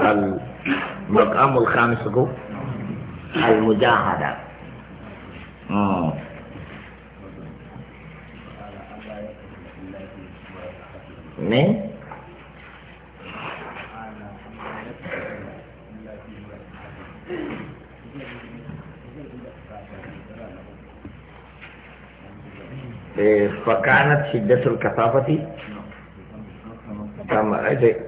المقام الخامس هو المجاهدة مم. آه. من إيه، فكانت شدة الكثافة كما إيه،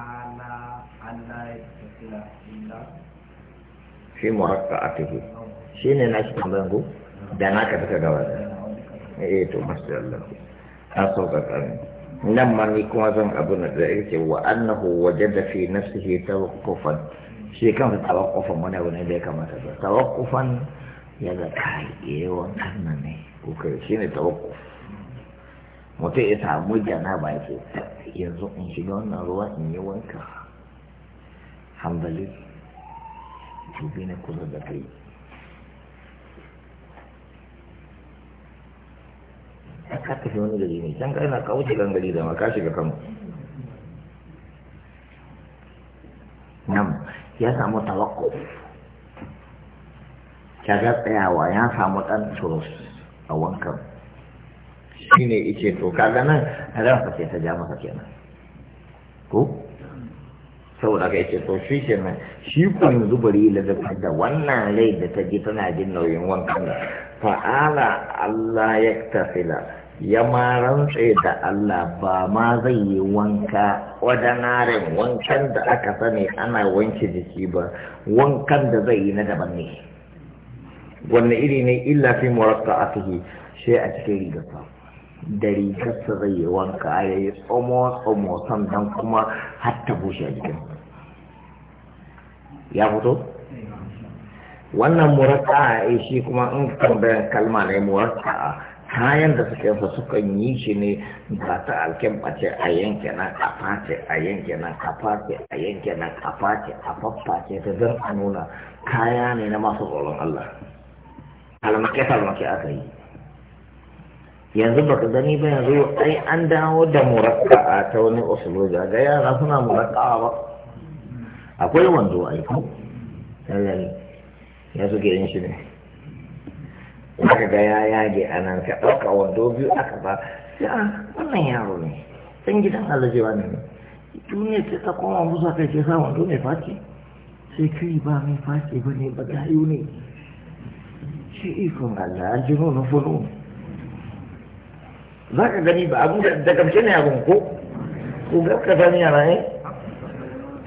ala Allah ya a illa fi murakka'atihi shine na shi tambayan ku da na ka fita gaba da eh to masha Allah an sauka kan nan ma ni kuma zan abu na da yake wa annahu wajada fi nafsihi tawaqqufan shi kansa tawaqqufan wani abu ne da ya kamata ba tawaqqufan ya ga kai eh wannan ne ko kai shine tawaqquf mutum ya samu jana ba ya yanzu in shiga wannan ruwa in yi wanka hambali dubi na kusa da kai Ya ka tafi wani gari ne can ka na kauce kan gari da maka shiga kano nan ya samu tawakko kaga tsayawa ya samu ɗan turus a wankan shi ne ike to kaga nan ransa ce ta ja masa kenan ko saboda ka ice to shi kenan shi ku yanzu bari lazabtar da wannan rai da ta ji tana jin nauyin wankan fa'ala Allah ya tafila ya ma rantse da Allah ba ma zai yi wanka ordinarin wankan da aka sani ana wanke jiki ba wankan da zai yi na daban ne wanne iri ne illa fi murakka'atihi sai a cikin rigar da rigarsa zai yi wanka ya yi tsomo-tsomo sannan kuma hatta bushe jikin ya fito wannan muraka a eh, shi kuma in tambayar kalma ne muraka kayan da suke sukan yi shi ne ba ta alkin bace a yanke nan a face a yanke nan a a yanke nan a a fafface ta zan a nuna kaya ne na masu tsoron Allah. Almake-almake aka yi. yanzu baka gani ba yanzu ai an dawo da murakka'a ta wani usuloja ga yara suna murakka'a ba akwai wanzo ai ko sallan ya suke yin shi ne aka ga ya yage a nan ka ɗauka wando biyu aka ba a wannan yaro ne san gidan alajewa ne duniya ce ta koma musa kai ce sa wando mai faci sai kai ba mai faci ba ne ba gayu ne shi ikon Allah an ji nuna funo za ka gani ba abin da da kamshe ne abin ko ko gaska ta niya na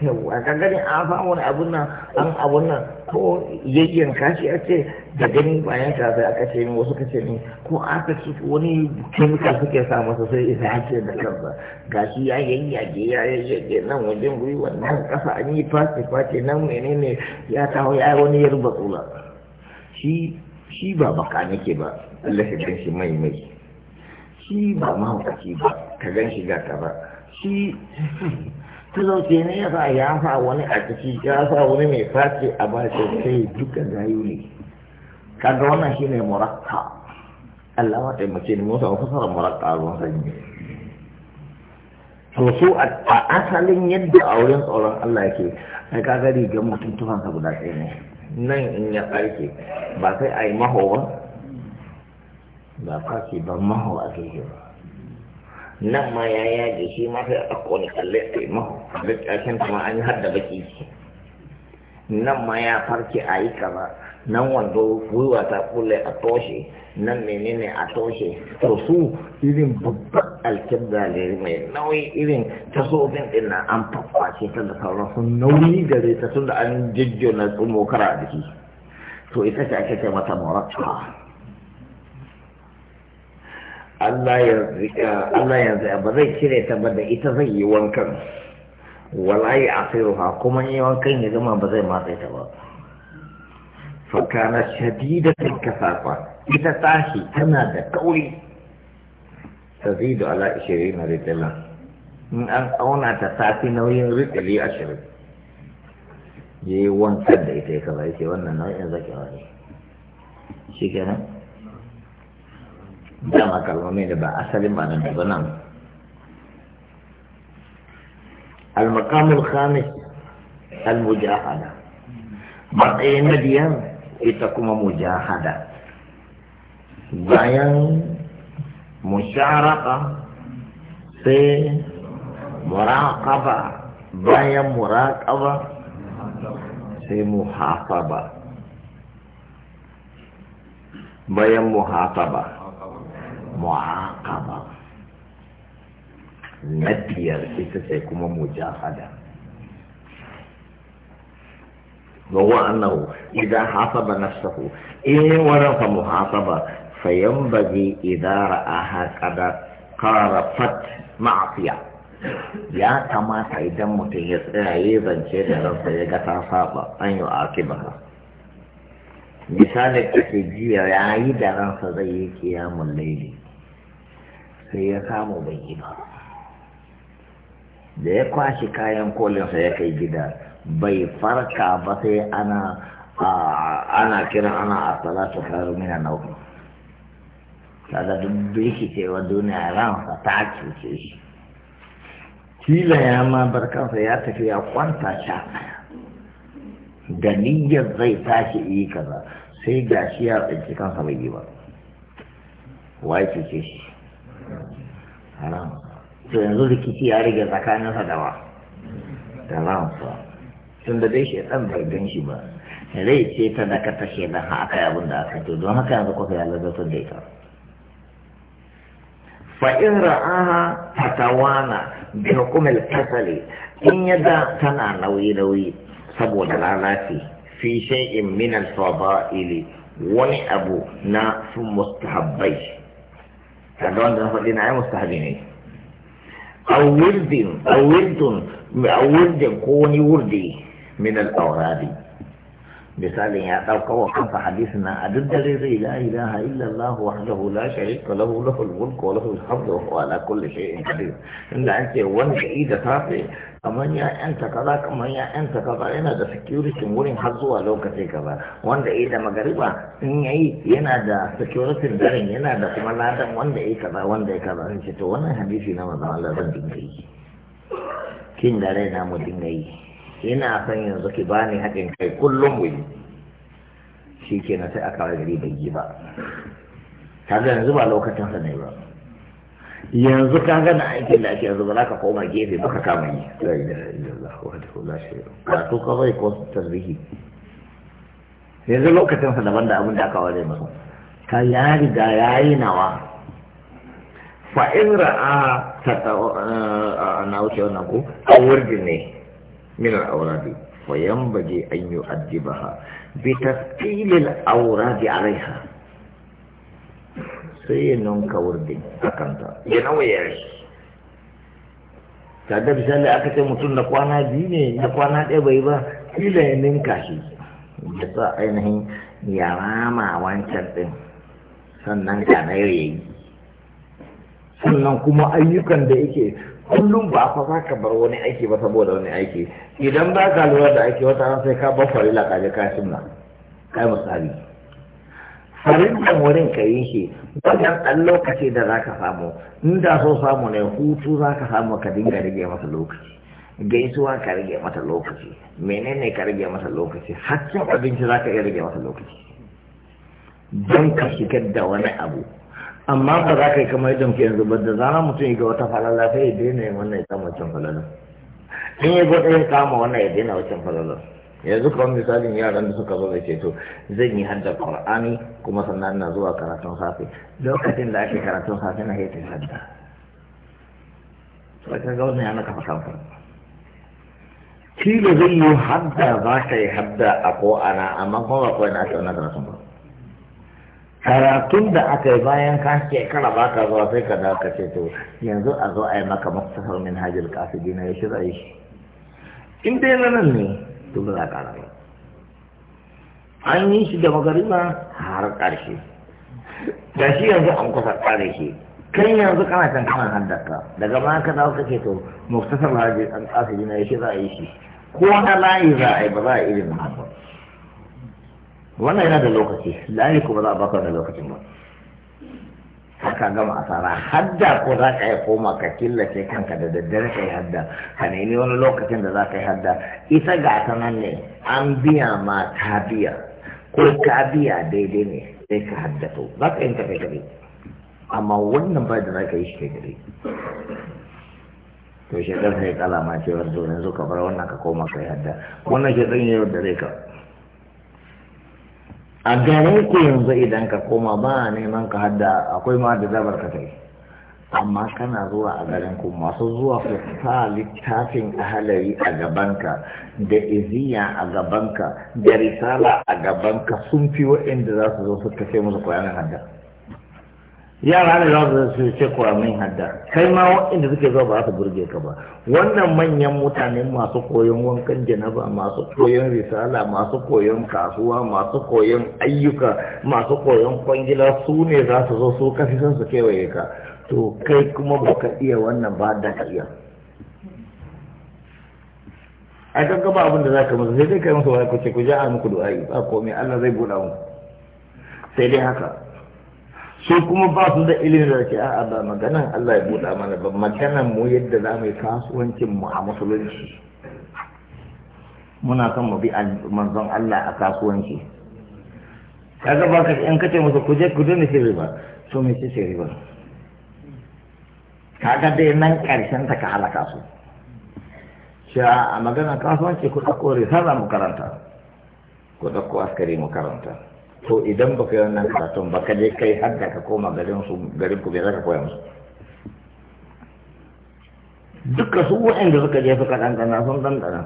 yawa ka gani an samu wani abun nan an abun nan ko yayyan kashi a ce da gani bayan ka sai aka ce ni wasu kace ni ko aka ce wani kemika suke sa masa sai isa ce da kansa gashi ya yayyage ya yayyage nan wajen guri nan kasa an yi face face nan menene ya kawo ya wani yarba tsula shi shi ba baka nake ba Allah ya mai mai shi ba mahaukaci ba ka gan shi ga ka ba shi talauce ne ya sa ya fa wani a ciki ya sa wani mai face a ba shi sai duka gayu ne kaga wannan shi ne murakka Allah ma mace ne musa kusurar murakka a ruwan sanyi to su a asalin yadda auren tsoron Allah yake ai gari rigar mutum tufansa guda ɗaya ne nan in ya tsarke ba sai a yi ba ban maho a jirgi ba nan ma ya yage shi ma sai a ɗauko ne kalle a yi maho da ƙarshen kuma an yi har da baki nan ma ya farke a yi kaza nan wando gwiwa ta kulle a toshe nan menene a toshe to su irin babban alkin zaleri mai nauyi irin tasofin din na an ce ta da sauran sun nauyi gare ta tun da an jijjona tsumokara a jiki to ita ce ake ce mata morata Allah yanzu ba zai cire ta ba da ita zai yi wankan walayi a sayarwa kuma yi wankan ya zama ba zai matsa ta ba fakana shadidatin kasafa ita tashi tana da kauri ta da ala ishirin na ritila in an auna ta safi nauyin ridali ashirin ya yi wankan da ita ya kaba ya ce wannan nau'in zakewa ne shi kenan dama kalmomin da ba asalin ba nan ba nan al-maqamul khamis al-mujahada matsayin na biyar ita kuma mujahada bayan musharaka sai muraqaba bayan muraqaba sai muhasaba bayan ba. mu'aqaba na biyar ita ce kuma mujahada wa wa'anahu idan hasaba nafsahu in waran fa muhasaba fayanbaghi idara aha kada qarafat ma'siya ya kamata idan mutum ya tsaya ya zance da ransa ya ga ta saba an yi akibaha misalin ake jiya ya yi da ransa zai yi kiyamun laili sai ya samu bai yi ba da ya kwashe kayan kolinsa ya kai gida bai farka ba sai ana ana kira ana a salatu karu mina nau'i kaga duk cewa duniya ransa ta cuce shi kila ya ma barkansa ya tafi ya kwanta sha da niyyar zai tashi yi kaza sai gashi ya tsinci kansa bai yi ba wai cuce shi haram to yanzu rikici ya rage tsakaninsa da wa da ransa tun da dai shaitan bai gan shi ba rai ce ta da ka ta shaitan ha aka abin da aka to don haka yanzu kuka ya lalatar da ita fa'in ra'aha fatawana bi hukumar kasali in yadda tana nauyi-nauyi saboda lalaci fi shay'in min al-fada'ili wani abu na sun mustahabbai يعني دول ده دي نعيم مستحبين ايه او ولد او ولد او ولد كوني وردي من الاوراد misalin ya ɗauka wa kansa hadisi na a duk dare zai la ilaha illallah wahdahu la sharika lahu lahul mulku wa lahul hamdu wa huwa ala kulli shay'in qadir inda an ce wanda yi da safe kamar ya yanta kaza kamar ya yanta kaza yana da security wurin har zuwa lokaci kaza wanda yi da magariba in ya yi yana da security daren yana da kuma ladan wanda yi kaza wanda yi kaza in ce to wannan hadisi na manzon Allah zan dinga yi kin da rai na mu dinga yi ina son yanzu ki bani haɗin kai kullum wuri shi ke na sai aka wai gari bai yi ba kaga yanzu ba lokacin sa ne ba yanzu ka ga na aikin da ake yanzu ba za ka koma gefe ba ka kama yi la ilaha ka bai ko tasbihi yanzu lokacin sa daban da abin da aka ware masa ka ya riga ya yi nawa fa'in ra'a ta eh, na wuce wannan ko a wurdi ne من الأوراد وينبغي أن يؤدبها بتثقيل الأوراد عليها سينون كوردين أكنتا ينوي يعيش kada misali aka ce mutum da kwana biyu ne da kwana ɗaya bai ba kila ya ninka shi Ya sa ainihin ya rama wancan ɗin sannan ka na yi. sannan kuma ayyukan da yake kullum ba fa za ka bar wani aiki ba saboda wani aiki idan ba ka lura da aiki wata ran sai ka bar farilla ka je ka sunna kai misali farillan wurin ka yi shi wannan ɗan lokaci da za ka samu in da so samu ne hutu za ka samu ka dinga rage masa lokaci gaisuwa ka rage masa lokaci menene ka rage masa lokaci hakkin abinci za ka iya rage masa lokaci don ka shigar da wani abu amma ba za ka yi kamar yadda muke yanzu ba da zana mutum ya ga wata falala sai ya daina yin wannan ya kama wancan falala in ya gwada ya kama wannan ya daina wancan falala yanzu kawai misalin yaran da suka zo da ceto zan yi hadda qur'ani kuma sannan na zuwa karatun safe lokacin da ake karatun safe na haifin hadda ba ka ga wannan ya naka ki da zan yi hadda za ka yi hadda a ko ana amma kuma ba kawai na ake wannan karatun ba karatun da aka yi bayan ka kana ba ka zuwa sai ka dawo ka ce to yanzu a zo a yi maka masahar min hajjil kasidi na ya shirya shi in dai na nan ne to ba za ka ba an yi shi da magarima har ƙarshe da shi yanzu an kusa ƙare shi kai yanzu kana can kana haddaka daga ma ka dawo ka ce to min hajjil kasidi na ya shirya shi ko na layi za a yi ba za a irin haka wannan yana da lokaci layi kuma za a baka da lokacin ba haka gama asara hadda ko za ka yi koma ka killace kanka da daddare ka yi hadda ka nemi wani lokacin da za ka yi hadda isa ga ta nan ne an biya ma ta biya ko ka biya daidai ne sai ka haddato za ka yi ta kai gare amma wannan ba da za ka yi shi kai gare to shekar sai kalama cewar to yanzu ka bar wannan ka koma ka yi hadda wannan shekar yau da zai ka a garin ku yanzu idan ka koma ba neman ka hadda akwai ma da zabar ka kai amma kana zuwa a garin ku masu zuwa ku sa littafin ahalari a gabanka da iziya a gabanka da risala a gabanka sun fi waɗanda za su zo su kafe musu koyan hadda yara ne za su ce kuramin hadda kai ma inda suke zuwa ba za su burge ka ba wannan manyan mutane masu koyon wankan janaba masu koyon risala masu koyon kasuwa masu koyon ayyuka masu koyon kwangila su ne za su zo su kafi son su kewaye ka to kai kuma ba ka iya wannan ba da ka iya a kan gaba abin da za ka musu sai dai kai masa wani kuce ku ja a muku du'a'i ba komai Allah zai buɗa mu sai dai haka shi kuma ba su da ilimin da ke a'a ba maganan Allah ya buɗa mana ba maganan mu yadda za mu yi kasuwancin mu a musulunci muna son mu bi manzon Allah a kasuwanci kaga ba ka in kace musu kuje ku dole shi riba to me shi sai riba kaga dai nan karshen ta ka halaka su shi a magana kasuwanci ku da kore sai mu karanta ku da ku askari mu karanta to idan ka yi wannan karatun ba ka je kai har da ka koma garin su garin ku bai zaka koya musu duka su da suka je suka ɗanɗana sun ɗanɗana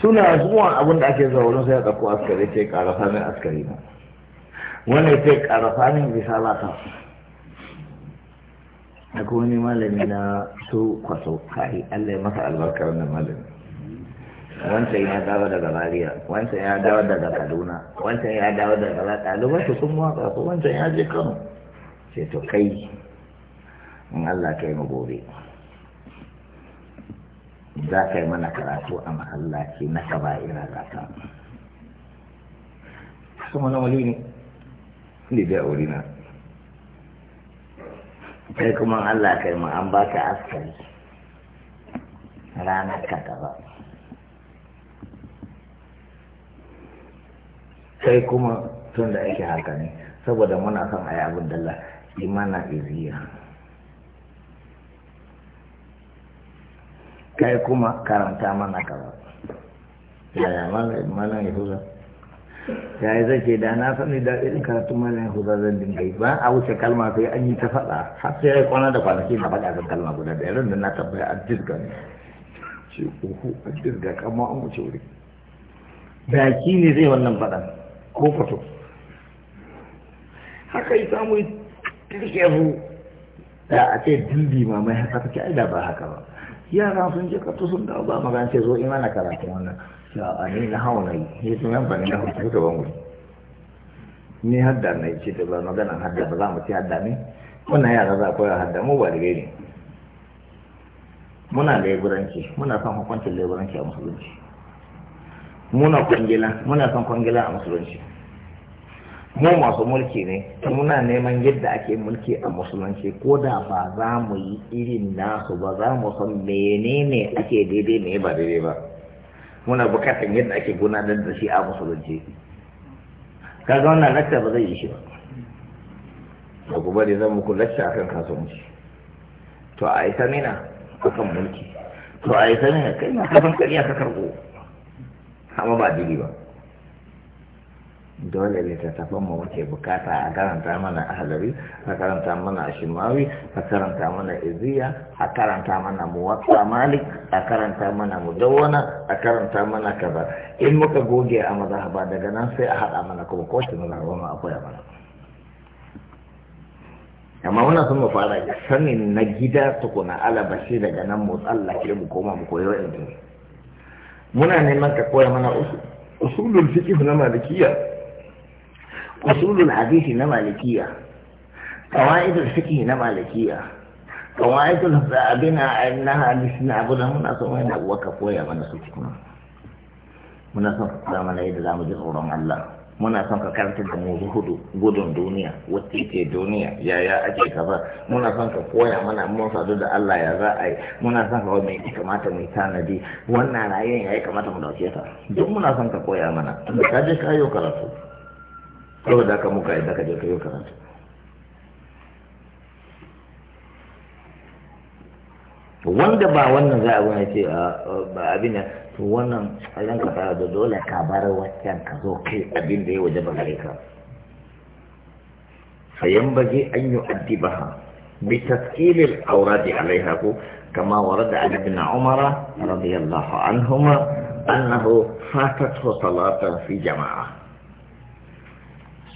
suna zuwa abin da ake zuwa wurin sai ya ɗauko askari ce ƙarafa min askari na wani ce ƙarafa min risala ta akwai wani malami na su kwaso kai allai ya masa albarkar wannan malami wancan ya dawo daga Mariya wancan ya dawo daga Kaduna wancan ya dawo daga ɗaliban su sun waka ko wancan ya je Kano sai to kai in Allah kai mu gobe za ka yi mana karatu a mahallaci na ba'ira za ka kuma na wali ne ne da aure na kai kuma Allah kai mu an ka askari ranar ka gaba sai kuma tun da yake haka ne saboda muna son a yi abin dalla imana iziya kai kuma karanta mana kaza yaya malam yahuza ya yi zake da na sani da irin karatun ya yahuza zan dinga yi ba a wuce kalma sai an yi ta faɗa har sai ya yi kwana da kwanaki na faɗa kan kalma guda da irin da na tabbaya a jirga ne ce uku a jirga kama an wuce wuri baki ne zai wannan faɗan ko haka yi samu kirkefu su da a ce dindi ma mai haka take ai da ba haka ba yara sun je kato sun da ba magana ce zo imana eh, karatu wannan ya a ni na hau na yi ne sun yan bane na ta ban bangu ni hadda na yi ce da ba magana hadda ba za mu ce hadda ne muna yara za a koya hadda mu ba da ne muna leburanci muna son hukuncin leburanci a musulunci muna kwangila muna son kwangila a musulunci mu masu mulki ne muna neman yadda ake mulki a musulunci ko da ba za mu yi irin nasu ba za mu san menene ake daidai ne ba daidai ba muna bukatan yadda ake gudanar da shi a musulunci kaga wannan lakta ba zai yi shi ba ba ku bari zan muku lakta akan kasuwanci to a ita nina akan mulki to a ita nina kai na kafin kariya ka karbo amma ba daidai ba dole tafi mu muke bukata a karanta mana ahalari a karanta mana shimawi a karanta mana iziya a karanta mana muwatta malik a karanta mana mudawwana a karanta mana kaza in muka goge a mazhaba daga nan sai a haɗa mana kuma ko shi mazhaba a koya mana amma muna son mu fara sanin na gida tukuna alabashi daga nan mu tsallake mu koma mu koyo yanzu muna neman ka koya mana usulul fiqh na malikiya usulul hadisi na malikiya qawaidul نمالكية na malikiya أنها abina na hadisi na وكف muna so mai da waka koya mana su kuma muna son ka kula mana zamu ji tsoron Allah muna son ka karanta da mu zuhudu gudun duniya wacce ke duniya yaya ake kaza muna son ka koya mana mun sadu da Allah ya za a yi muna son ka wani kamata mu tanadi wannan rayuwar ya kamata mu dauke ta duk muna son ka koya mana da ka kayo karatu kawai da aka muka idan ka je ka yi karatu wanda ba wannan za a wani ce ba abin to wannan tsaron ka fara da dole ka bar wancan ka zo kai abin da ya waje ba gare ka fayan baje an yi addibaha bi taskilil aurati alaiha ko كما ورد عن ابن عمر رضي الله عنهما أنه فاتته صلاة في جماعة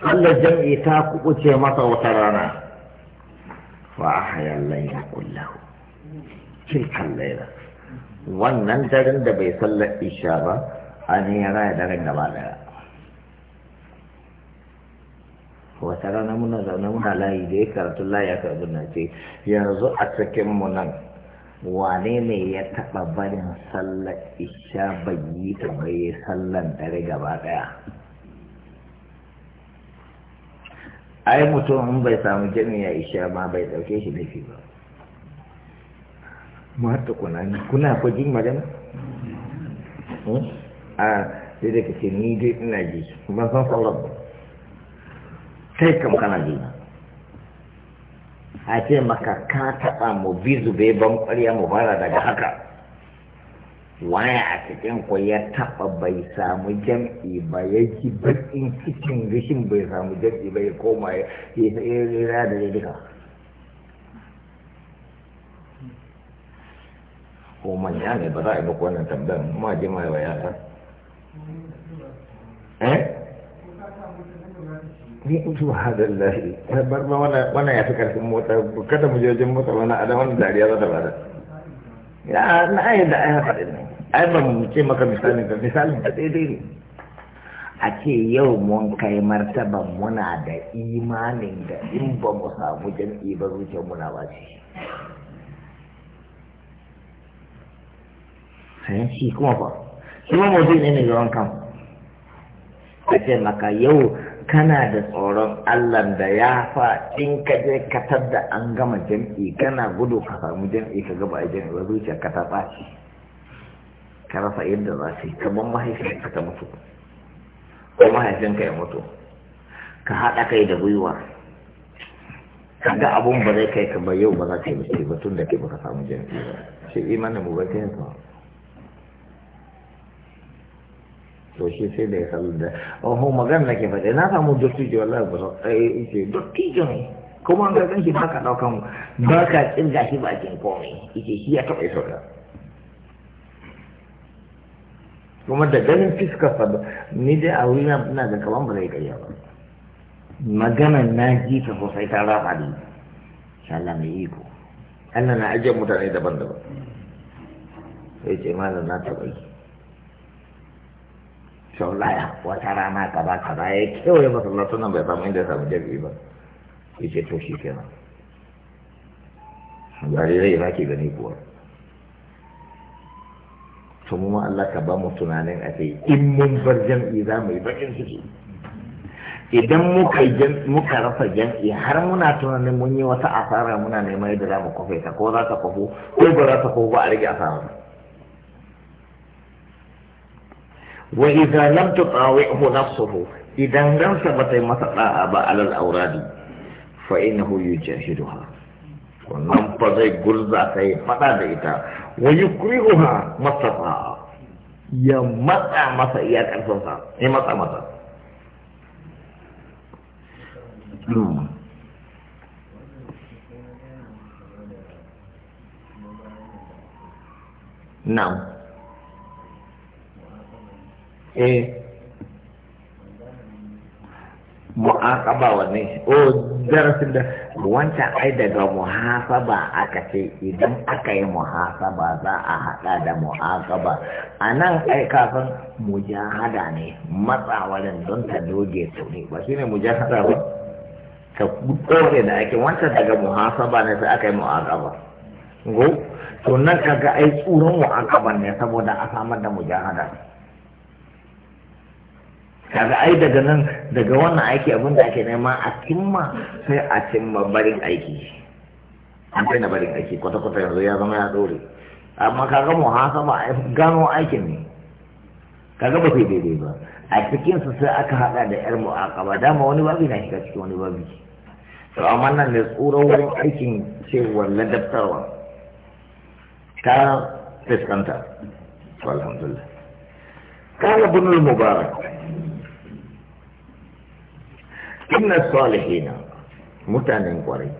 sallar jam'i ta kuɓuce masa wata rana fa ahya al-layla kullahu tilka al wannan daren da bai sallar isha ba an yi raya daren gaba daya wata rana muna zaune muna layi da ya karatu layi aka abin na ce yanzu a cikin mu nan wane ne ya taɓa barin sallar isha bai yi ta bai sallar dare gaba daya ai mutum in bai samu jini ya isha ma bai dauke shi laifi ba mu hatta kuna ni kuna ko jin magana hmm? a sai da kace ni dai ina ji kuma san sallar ba sai kam kana ji a ce maka ka taɓa mu bizu bai ban ƙwarya mu fara daga haka waya a cikin ku ya taba bai samu jam'i ba ya ji bakin cikin rishin bai samu jam'i ba ya koma ya rira da ya duka ko manya ne ba za a yi muku wannan tambayar ma je mai wa yasa eh? ni utu bar ma wannan ya fi karfin mota kada mu je wajen mota wani adam wannan dariya za ta bada ya na ai ba mu ce maka misalin ka misalin ka daidai ne a ce yau mun kai martaban muna da imanin da in ba mu samu jam'i ba zuciyar muna ba ce sayan eh, shi kuma ba shi ma mutum ne ne ga kan a ce maka yau kana da tsoron Allah da ya fa in ka je katar da an gama jam'i kana gudu ka samu jam'i ka gaba a jam'i ba zuciyar ka ta shi. ka rasa yadda za su yi kamar mahaifinka ta mutu ko mahaifinka ya mutu ka haɗa kai da gwiwa ga abun ba zai kai ka yau ba za ka yi mace ba tun da ke baka samu jami'i ba shi imanin mu ba ta yin sama to shi sai da ya kalli da oh magana ke faɗi na samu dottijo wallah ba sa eh ce dottijo ne kuma an ga ka ɗaukan ba ka kirga shi ba cikin komai yace shi ya taɓa sauka kuma da ganin fiskar sa ni dai a wuri na da kaman ba zai karya ba magana na ji ta sosai ta rafa ne shala mai iko Allah na ajiyar mutane daban-daban sai ce malam na taɓa yi sau laya wata rana kaza kaza ya kewaye masallacin nan bai samu inda ya samu jirgi ba ya ce to shi kenan jarirai na ke gani kuwa to mu Allah ka ba mu tunanin a ce in mun bar jam'i za mu yi bakin ciki idan muka muka rasa jam'i har muna tunanin mun yi wata asara muna neman yadda za mu kofe ta ko za ta kofo ko ba za ta kofo ba a rage asara wa idza lam tuqawihu nafsuhu idan ransa ba yi masa da'a ba alal auradi fa innahu yujahiduha wannan fa zai gurza ta yi fada da ita wani wa yukrihuha mastafa ya matsa masa iya karfinsa ya matsa masa hmm. Na'am. Eh. Mu'aqaba wanne? Oh, darasin da wancan ai daga muhasaba aka ce idan aka yi muhasaba za a haɗa da muhasaba a nan ai kafin mujahada ne matsawarin don ta doge su ne ba shi ne mujahada ba ka ɗore da ake wancan daga muhasaba ne sai aka yi muhasaba go to nan kaga ai tsoron muhasaban ne saboda a samar da mujahada kaga ai daga nan daga wannan aiki abin da ake nema a cimma sai a cimma barin aiki an kai na barin aiki kwata-kwata yanzu ya zama ya dore amma kaga sama gano aikin ne kaga ba sai daidai ba a cikin su sai aka hada da yar mu'aqaba dama wani babi na shiga cikin wani babi to amma nan ne tsoron wurin aikin cewa ladabtarwa ta fuskanta alhamdulillah قال ابن المبارك إن الصالحين متعن قريب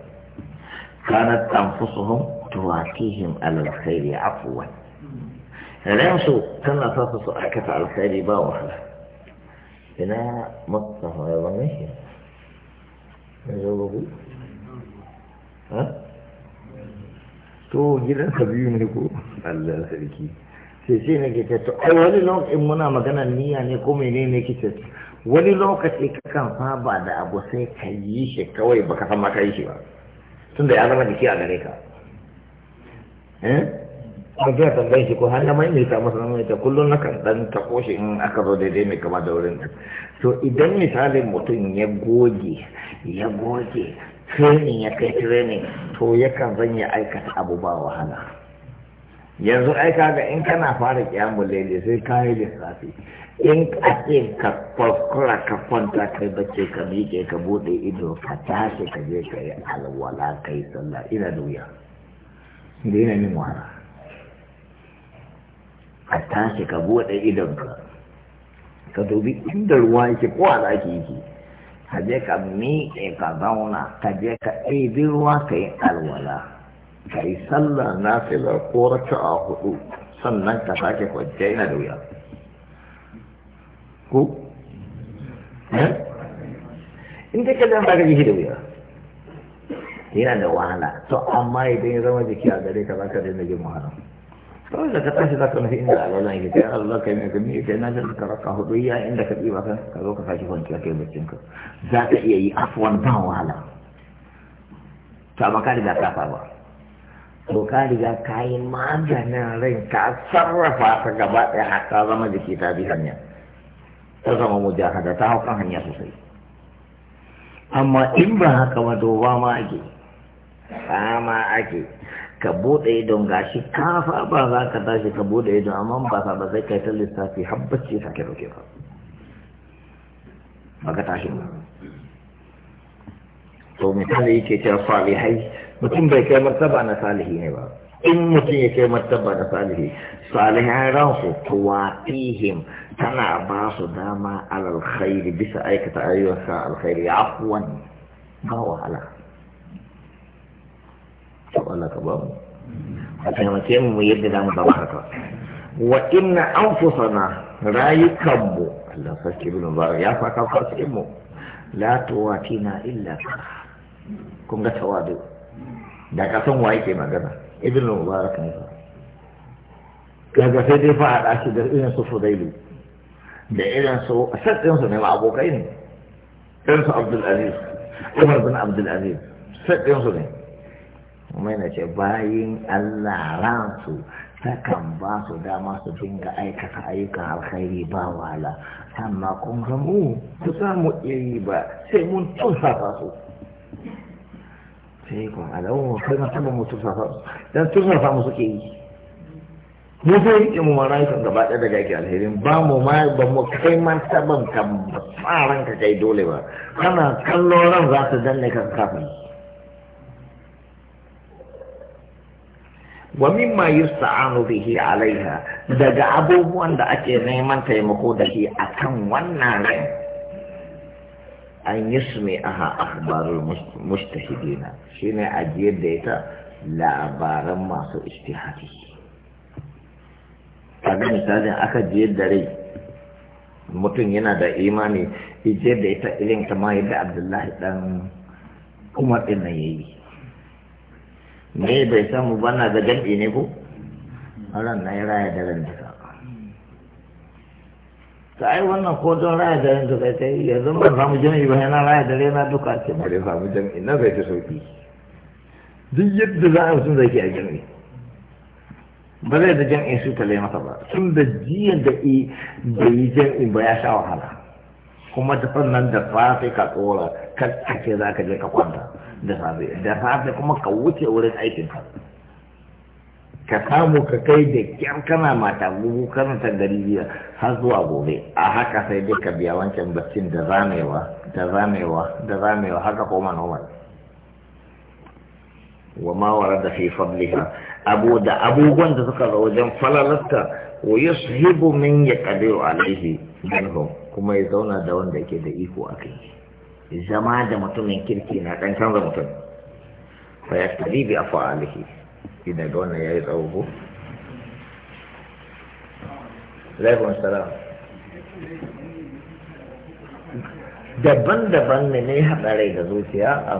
كانت أنفسهم تواتيهم على الخير عفوا رأسوا كان أساس أكف على الخير باوحة هنا مصطفى أيضا ضميه يجوبه ها تو جدا سبيون يقول الله سبيكي sai sai na to ai wani lokacin muna magana niyya ne ko ne kike wani lokaci kakan ba da abu sai ka yi shi kawai baka san ma ka yi shi ba tunda ya zama jiki a gare ka eh ba ga shi ko har na mai ne ta masa mai ta kullun nakan dan ta koshi in aka zo daidai mai kama da wurin to idan misalin mutum ya goge ya goge training ya kai training to yakan zan ya aikata abu ba wahala yanzu ai kaga in kana fara kiyamun laili sai ka yi lissafi in a ce ka kwakura ka kwanta kai bacci ka miƙe ka buɗe ido ka tashi ka je ka yi alwala ka yi sallah ina da wuya da yana min wara ka tashi ka buɗe idon ka ka dubi inda ruwa yake ko a zaki yake ka je ka miƙe ka zauna ka je ka ɗebi ruwa ka yi alwala ka yi sallah na fila ko a hudu sannan ka sake kwanciya yana da wuya ko eh? in ka kadan ba ka ji da wuya yana da wahala to amma idan ya zama jiki a gare ka za ka daina jin wahala kawai da ka tashi za ka nufi inda alwala yake kai Allah kai mai gami kai na jin karaka hudu ya inda ka ɗiba ka ka zo ka sake kwanciya kai baccin ka za ka iya yi afuwan ba wahala ta amma ka riga ka ba to ka riga ka yi maganin rai ka sarrafa ta gaba ɗaya har ta zama jiki ta bi hanya ta zama mu jahada ta hau kan hanya sosai amma in ba haka ba to ba ma ake ba ma ake ka buɗe don gashi kafa ba za ka tashi ka buɗe don amma ba sa ba sai kai ta lissafi habbaci sake dauke ba ba ka tashi ba to misali yake cewa salihai mutum bai kai martaba na salihi ne ba in mutum ya kai martaba na salihi salihan ransu tuwatihim tana ba su dama alal khairi bisa aikata ayyuka alkhairi afwan ba wahala to Allah ka ba mu a taimake mu yadda za mu zama haka wa inna anfusana rayukanmu Allah sarki ibn Mubarak ya faka fasikin mu la tuwatina illa kun ga tawadu da ka san waye ke magana ibn mubarak ne kaga sai dai fa hada shi da irin su fudailu da irin su sattin su ne ma abokai ne irin su abdul aziz umar bin abdul aziz sattin su ne kuma yana ce bayin allah ransu kan ba su dama su dinga aikata ayyukan alkhairi ba wala amma kun ga mu su samu iri ba sai mun sa su sai kun ma taba dan mu yi mu sai rike mu mara kan gaba ɗaya daga yake alherin ba mu ma ba mu kai man ban kan tsaran ka kai dole ba kana kallon ran za ta danne kan kafin wa mimma yusta'anu bihi alaiha daga abubuwan da ake neman taimako da shi akan wannan rai an yi su ne a akhbarul mustahidina shine ajiyar da ita labaran masu istihadi ga misalin aka jiyar da rai mutum yana da imani ijiyar da ita irin kama yadda abdullahi dan umar din nan yayi me bai samu bana ga jam'i ne ko ran na ya raya da ran duka ta ai wannan ko don raya da yanzu bai ta yi yanzu ban samu jami'i ba yana raya da rena duka ce ba zai samu jami'i ina zai ta sauki duk yadda za a yi sun zai ke a jami'i ba zai da jami'i su tale masa ba sun da jiya da i da yi jami'i ba ya sha wahala kuma da nan da sai ka tsora kan ake za ka je ka kwanta da safe da safe kuma ka wuce wurin aikin ka ka samu ka kai da kyan kana mata gugu kana ta gari biya har zuwa gobe a haka sai dai ka biya wancan baccin da zamewa da zamewa da zamewa haka koma wa ma warada fi fadliha abu da abubuwan da suka zo wajen falalarta wa yushibu min yaqdiru alaihi minhum kuma ya zauna da wanda yake da iko kai. zama da mutumin kirki na dan canza mutum fa yaqdi bi afalihi shi ne ga wannan ya yi tsawo laifin salam daban-daban ne ne da zuciya